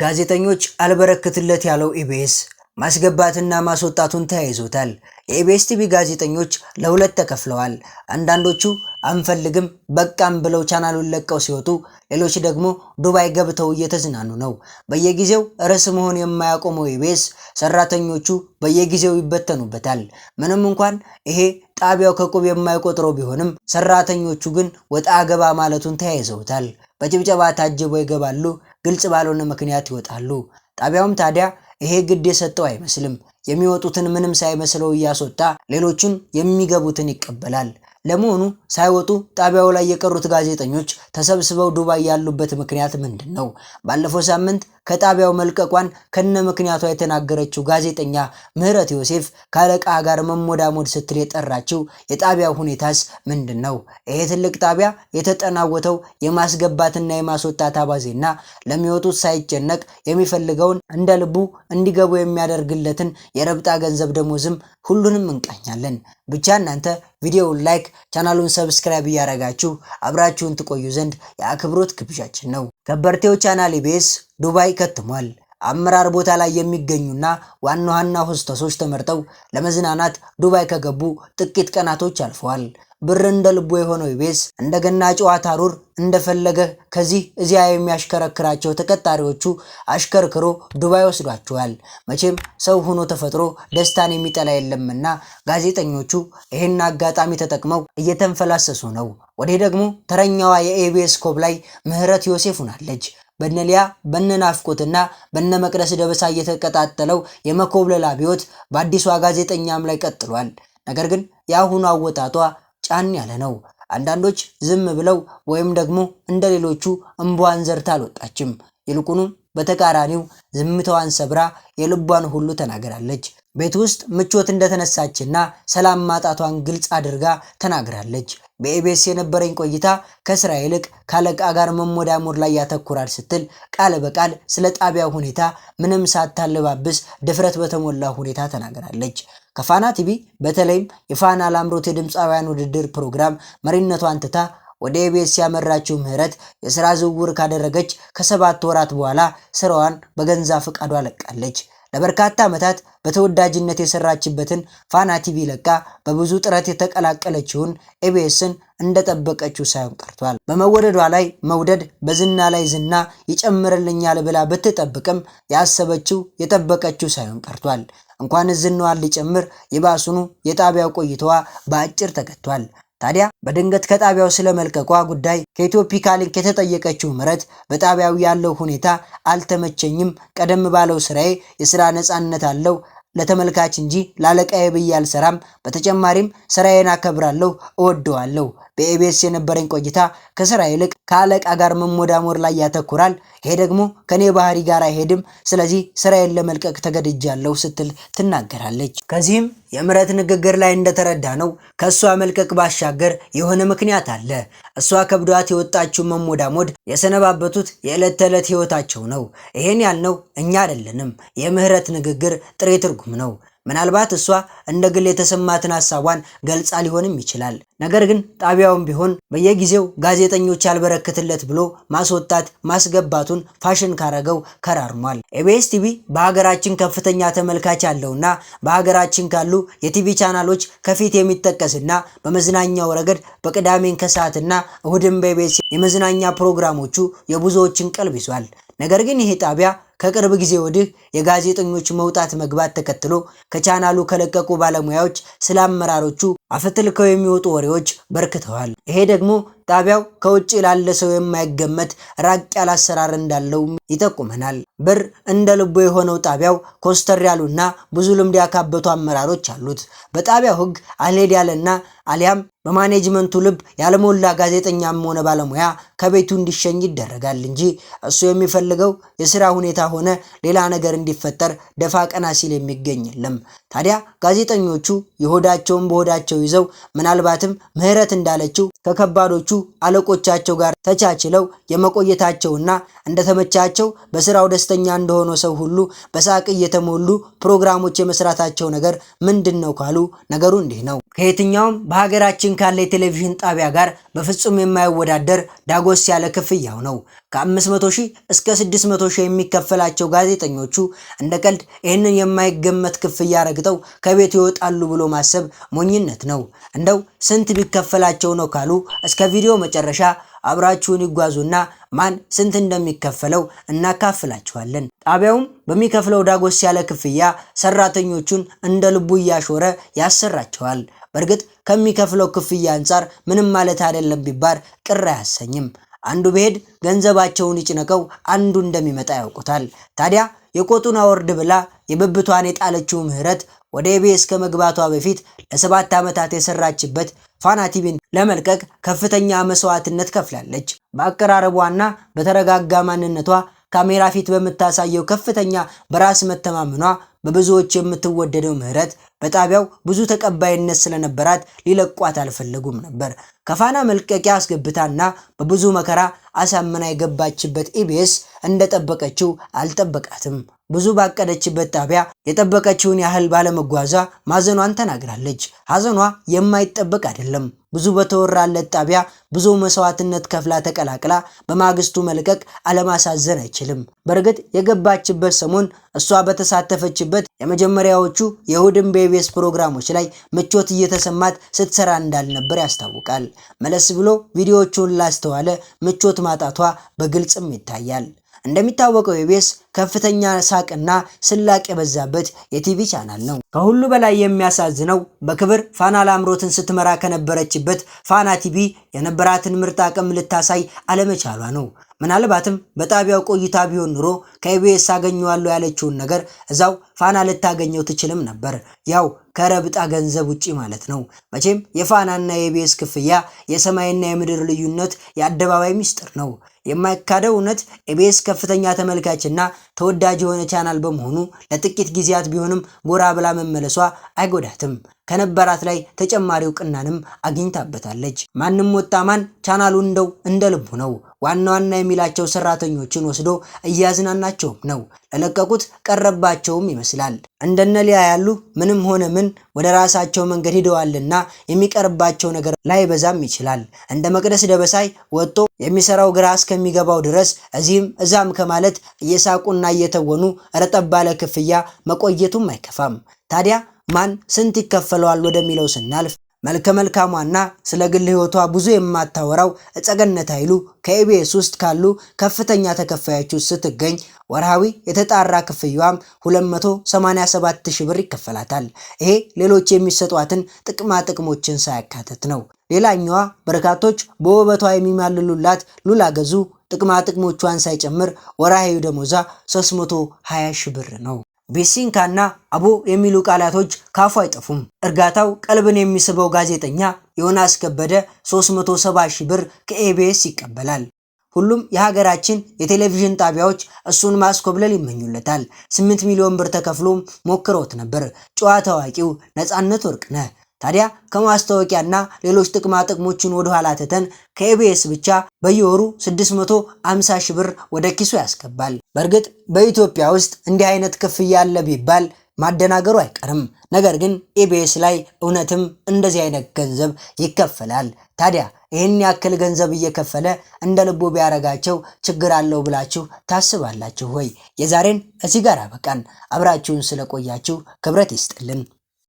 ጋዜጠኞች አልበረክትለት ያለው ኢቢኤስ ማስገባትና ማስወጣቱን ተያይዞታል። የኢቢኤስ ቲቪ ጋዜጠኞች ለሁለት ተከፍለዋል። አንዳንዶቹ አንፈልግም በቃም ብለው ቻናሉን ለቀው ሲወጡ፣ ሌሎች ደግሞ ዱባይ ገብተው እየተዝናኑ ነው። በየጊዜው ርዕስ መሆን የማያቆመው ኢቢኤስ ሰራተኞቹ በየጊዜው ይበተኑበታል። ምንም እንኳን ይሄ ጣቢያው ከቁብ የማይቆጥረው ቢሆንም ሰራተኞቹ ግን ወጣ ገባ ማለቱን ተያይዘውታል። በጭብጨባ ታጅበው ይገባሉ። ግልጽ ባልሆነ ምክንያት ይወጣሉ። ጣቢያውም ታዲያ ይሄ ግድ የሰጠው አይመስልም። የሚወጡትን ምንም ሳይመስለው እያስወጣ ሌሎቹን የሚገቡትን ይቀበላል። ለመሆኑ ሳይወጡ ጣቢያው ላይ የቀሩት ጋዜጠኞች ተሰብስበው ዱባይ ያሉበት ምክንያት ምንድን ነው? ባለፈው ሳምንት ከጣቢያው መልቀቋን ከነ ምክንያቷ የተናገረችው ጋዜጠኛ ምህረት ዮሴፍ ከአለቃ ጋር መሞዳሞድ ስትል የጠራችው የጣቢያው ሁኔታስ ምንድን ነው? ይሄ ትልቅ ጣቢያ የተጠናወተው የማስገባትና የማስወጣት አባዜና ለሚወጡት ሳይጨነቅ የሚፈልገውን እንደ ልቡ እንዲገቡ የሚያደርግለትን የረብጣ ገንዘብ ደሞዝም ሁሉንም እንቃኛለን። ብቻ እናንተ ቪዲዮውን ላይክ፣ ቻናሉን ሰብስክራይብ እያደረጋችሁ አብራችሁን ትቆዩ ዘንድ የአክብሮት ግብዣችን ነው። ከበርቴው ቻናል ኢቢኤስ ዱባይ ከትሟል። አመራር ቦታ ላይ የሚገኙና ዋና ዋና ሆስተሶች ተመርጠው ለመዝናናት ዱባይ ከገቡ ጥቂት ቀናቶች አልፈዋል። ብር እንደ ልቦ የሆነው ኢቢኤስ እንደገና ጨዋታ ሩር እንደፈለገ ከዚህ እዚያ የሚያሽከረክራቸው ተቀጣሪዎቹ አሽከርክሮ ዱባይ ወስዷቸዋል። መቼም ሰው ሆኖ ተፈጥሮ ደስታን የሚጠላ የለምና ጋዜጠኞቹ ይህን አጋጣሚ ተጠቅመው እየተንፈላሰሱ ነው። ወዲህ ደግሞ ተረኛዋ የኢቢኤስ ኮብ ላይ ምህረት ዮሴፍ ሆናለች። በነሊያ በነናፍቆትና በነመቅደስ ደበሳ እየተቀጣጠለው የመኮብለል አብዮት በአዲሷ ጋዜጠኛም ላይ ቀጥሏል። ነገር ግን የአሁኑ አወጣጧ ጫን ያለ ነው። አንዳንዶች ዝም ብለው ወይም ደግሞ እንደ ሌሎቹ እምቧን ዘርታ አልወጣችም። ይልቁኑ በተቃራኒው ዝምታዋን ሰብራ የልቧን ሁሉ ተናግራለች። ቤት ውስጥ ምቾት እንደተነሳችና ሰላም ማጣቷን ግልጽ አድርጋ ተናግራለች። በኢቢኤስ የነበረኝ ቆይታ ከስራ ይልቅ ካለቃ ጋር መሞዳሞድ ላይ ያተኩራል ስትል ቃል በቃል ስለ ጣቢያው ሁኔታ ምንም ሳታለባብስ ድፍረት በተሞላ ሁኔታ ተናግራለች። ከፋና ቲቪ በተለይም የፋና ላምሮት የድምፃውያን ውድድር ፕሮግራም መሪነቷን ትታ ወደ ኢቢኤስ ያመራችው ምህረት የስራ ዝውውር ካደረገች ከሰባት ወራት በኋላ ስራዋን በገንዛ ፈቃዷ ለቃለች። ለበርካታ ዓመታት በተወዳጅነት የሰራችበትን ፋና ቲቪ ለቃ በብዙ ጥረት የተቀላቀለችውን ኤቢኤስን እንደጠበቀችው ሳይሆን ቀርቷል። በመወደዷ ላይ መውደድ፣ በዝና ላይ ዝና ይጨምርልኛል ብላ ብትጠብቅም ያሰበችው የጠበቀችው ሳይሆን ቀርቷል። እንኳን ዝናዋን ሊጨምር ይባሱኑ የጣቢያው ቆይታዋ በአጭር ተገቷል። ታዲያ በድንገት ከጣቢያው ስለመልቀቋ ጉዳይ ከኢትዮፒካ የተጠየቀችው ምረት በጣቢያው ያለው ሁኔታ አልተመቸኝም፣ ቀደም ባለው ስራዬ የስራ ነፃነት አለው ለተመልካች እንጂ ላለቃዬ ብዬ አልሰራም። በተጨማሪም ስራዬን አከብራለሁ፣ እወደዋለሁ። በኤቤስ የነበረኝ ቆይታ ከስራ ይልቅ ከአለቃ ጋር መሞዳሞር ላይ ያተኩራል። ይሄ ደግሞ ከኔ ባህሪ ጋር አይሄድም። ስለዚህ ስራዬን ለመልቀቅ ተገድጃለሁ ስትል ትናገራለች። ከዚህም የምረት ንግግር ላይ እንደተረዳ ነው ከእሷ መልቀቅ ባሻገር የሆነ ምክንያት አለ። እሷ ከብዷት የወጣችው መሞዳሞድ የሰነባበቱት የዕለት ተዕለት ህይወታቸው ነው። ይሄን ያልነው እኛ አይደለንም። የምህረት ንግግር ጥሬ ትርጉም ነው። ምናልባት እሷ እንደ ግል የተሰማትን ሀሳቧን ገልጻ ሊሆንም ይችላል። ነገር ግን ጣቢያውም ቢሆን በየጊዜው ጋዜጠኞች ያልበረክትለት ብሎ ማስወጣት ማስገባቱን ፋሽን ካረገው ከራርሟል። ኤቢኤስ ቲቪ በሀገራችን ከፍተኛ ተመልካች ያለውና በሀገራችን ካሉ የቲቪ ቻናሎች ከፊት የሚጠቀስና በመዝናኛው ረገድ በቅዳሜን ከሰዓትና እሁድን በኤቢኤስ የመዝናኛ ፕሮግራሞቹ የብዙዎችን ቀልብ ይዟል። ነገር ግን ይሄ ጣቢያ ከቅርብ ጊዜ ወዲህ የጋዜጠኞች መውጣት መግባት ተከትሎ ከቻናሉ ከለቀቁ ባለሙያዎች ስለ አመራሮቹ አፈትልከው የሚወጡ ወሬዎች በርክተዋል። ይሄ ደግሞ ጣቢያው ከውጭ ላለ ሰው የማይገመት ራቅ ያለ አሰራር እንዳለው ይጠቁመናል። ብር እንደ ልቦ የሆነው ጣቢያው ኮስተር ያሉና ብዙ ልምድ ያካበቱ አመራሮች አሉት። በጣቢያው ሕግ አልሄድ ያለና አሊያም በማኔጅመንቱ ልብ ያለሞላ ጋዜጠኛም ሆነ ባለሙያ ከቤቱ እንዲሸኝ ይደረጋል እንጂ እሱ የሚፈልገው የስራ ሁኔታ ሆነ ሌላ ነገር እንዲፈጠር ደፋ ቀና ሲል የሚገኝ የለም። ታዲያ ጋዜጠኞቹ የሆዳቸውን በሆዳቸው ይዘው ምናልባትም ምህረት እንዳለችው ከከባዶቹ አለቆቻቸው ጋር ተቻችለው የመቆየታቸውና እንደተመቻቸው በስራው ደስተኛ እንደሆነ ሰው ሁሉ በሳቅ እየተሞሉ ፕሮግራሞች የመስራታቸው ነገር ምንድን ነው ካሉ ነገሩ እንዲህ ነው። ከየትኛውም በሀገራችን ካለ የቴሌቪዥን ጣቢያ ጋር በፍጹም የማይወዳደር ዳጎስ ያለ ክፍያው ነው። ከ500 ሺህ እስከ 600 ሺህ የሚከፈላቸው ጋዜጠኞቹ እንደ ቀልድ ይህንን የማይገመት ክፍያ ረግጠው ከቤት ይወጣሉ ብሎ ማሰብ ሞኝነት ነው። እንደው ስንት ቢከፈላቸው ነው ካሉ እያሉ እስከ ቪዲዮ መጨረሻ አብራችሁን ይጓዙና ማን ስንት እንደሚከፈለው እናካፍላችኋለን። ጣቢያውም በሚከፍለው ዳጎስ ያለ ክፍያ ሰራተኞቹን እንደ ልቡ እያሾረ ያሰራቸዋል። በእርግጥ ከሚከፍለው ክፍያ አንጻር ምንም ማለት አይደለም ቢባል ቅር አያሰኝም። አንዱ ብሄድ ገንዘባቸውን ይጭነቀው አንዱ እንደሚመጣ ያውቁታል። ታዲያ የቆጡን አወርድ ብላ የብብቷን የጣለችው ምህረት ወደ ኢቢኤስ ከመግባቷ በፊት ለሰባት ዓመታት የሰራችበት ፋና ቲቪን ለመልቀቅ ከፍተኛ መስዋዕትነት ከፍላለች። በአቀራረቧና በተረጋጋ ማንነቷ ካሜራ ፊት በምታሳየው ከፍተኛ በራስ መተማመኗ በብዙዎች የምትወደደው ምህረት በጣቢያው ብዙ ተቀባይነት ስለነበራት ሊለቋት አልፈለጉም ነበር። ከፋና መልቀቂያ አስገብታና በብዙ መከራ አሳምና የገባችበት ኢቢኤስ እንደጠበቀችው አልጠበቃትም። ብዙ ባቀደችበት ጣቢያ የጠበቀችውን ያህል ባለመጓዟ ማዘኗን ተናግራለች። ሐዘኗ የማይጠበቅ አይደለም። ብዙ በተወራለት ጣቢያ ብዙ መስዋዕትነት ከፍላ ተቀላቅላ በማግስቱ መልቀቅ አለማሳዘን አይችልም። በእርግጥ የገባችበት ሰሞን እሷ በተሳተፈችበት የመጀመሪያዎቹ የእሁድን ቤቤስ ፕሮግራሞች ላይ ምቾት እየተሰማት ስትሰራ እንዳልነበር ያስታውቃል። መለስ ብሎ ቪዲዮዎቹን ላስተዋለ ምቾት ማጣቷ በግልጽም ይታያል። እንደሚታወቀው ኢቢኤስ ከፍተኛ ሳቅና ስላቅ የበዛበት የቲቪ ቻናል ነው። ከሁሉ በላይ የሚያሳዝነው በክብር ፋና ላምሮትን ስትመራ ከነበረችበት ፋና ቲቪ የነበራትን ምርጥ አቅም ልታሳይ አለመቻሏ ነው። ምናልባትም በጣቢያው ቆይታ ቢሆን ኑሮ ከኢቢኤስ አገኘዋለሁ ያለችውን ነገር እዛው ፋና ልታገኘው ትችልም ነበር። ያው ከረብጣ ገንዘብ ውጪ ማለት ነው። መቼም የፋናና የኢቢኤስ ክፍያ የሰማይና የምድር ልዩነት የአደባባይ ሚስጥር ነው። የማይካደው እውነት ኢቢኤስ ከፍተኛ ተመልካችና ተወዳጅ የሆነ ቻናል በመሆኑ ለጥቂት ጊዜያት ቢሆንም ጎራ ብላ መመለሷ አይጎዳትም። ከነበራት ላይ ተጨማሪ እውቅናንም አግኝታበታለች። ማንም ወጣ ማን ቻናሉ እንደው እንደ ልቡ ነው። ዋና ዋና የሚላቸው ሰራተኞችን ወስዶ እያዝናናቸውም ነው። ለለቀቁት ቀረባቸውም ይመስላል። እንደነ ሊያ ያሉ ምንም ሆነ ምን ወደ ራሳቸው መንገድ ሂደዋልና የሚቀርባቸው ነገር ላይ በዛም ይችላል። እንደ መቅደስ ደበሳይ ወጥቶ የሚሰራው ግራ እስከሚገባው ድረስ እዚህም እዛም ከማለት እየሳቁና እየተወኑ ረጠብ ባለ ክፍያ መቆየቱም አይከፋም። ታዲያ ማን ስንት ይከፈለዋል ወደሚለው ስናልፍ መልከ መልካሟና ስለ ግል ሕይወቷ ብዙ የማታወራው እጸገነት ኃይሉ ከኢቢኤስ ውስጥ ካሉ ከፍተኛ ተከፋዮች ውስጥ ስትገኝ ወርሃዊ የተጣራ ክፍያዋም 287 ሺህ ብር ይከፈላታል። ይሄ ሌሎች የሚሰጧትን ጥቅማ ጥቅሞችን ሳያካትት ነው። ሌላኛዋ በርካቶች በውበቷ የሚማልሉላት ሉላ ገዙ ጥቅማ ጥቅሞቿን ሳይጨምር ወርሃዊ ደሞዛ 320 ሺህ ብር ነው። ቤሲንካና አቦ የሚሉ ቃላቶች ካፉ አይጠፉም። እርጋታው ቀልብን የሚስበው ጋዜጠኛ ዮናስ ከበደ 370 ሺህ ብር ከኤቢኤስ ይቀበላል። ሁሉም የሀገራችን የቴሌቪዥን ጣቢያዎች እሱን ማስኮብለል ይመኙለታል። 8 ሚሊዮን ብር ተከፍሎ ሞክረውት ነበር። ጨዋ ታዋቂው ነፃነት ወርቅነህ ታዲያ ከማስታወቂያና ሌሎች ጥቅማ ጥቅሞችን ወደ ኋላ ትተን ከኢቢኤስ ብቻ በየወሩ 650 ሺህ ብር ወደ ኪሱ ያስገባል። በእርግጥ በኢትዮጵያ ውስጥ እንዲህ አይነት ክፍያ አለ ቢባል ማደናገሩ አይቀርም። ነገር ግን ኤቢኤስ ላይ እውነትም እንደዚህ አይነት ገንዘብ ይከፈላል። ታዲያ ይህን ያክል ገንዘብ እየከፈለ እንደ ልቦ ቢያረጋቸው ችግር አለው ብላችሁ ታስባላችሁ ወይ? የዛሬን እዚህ ጋር አበቃን። አብራችሁን ስለቆያችሁ ክብረት ይስጥልን።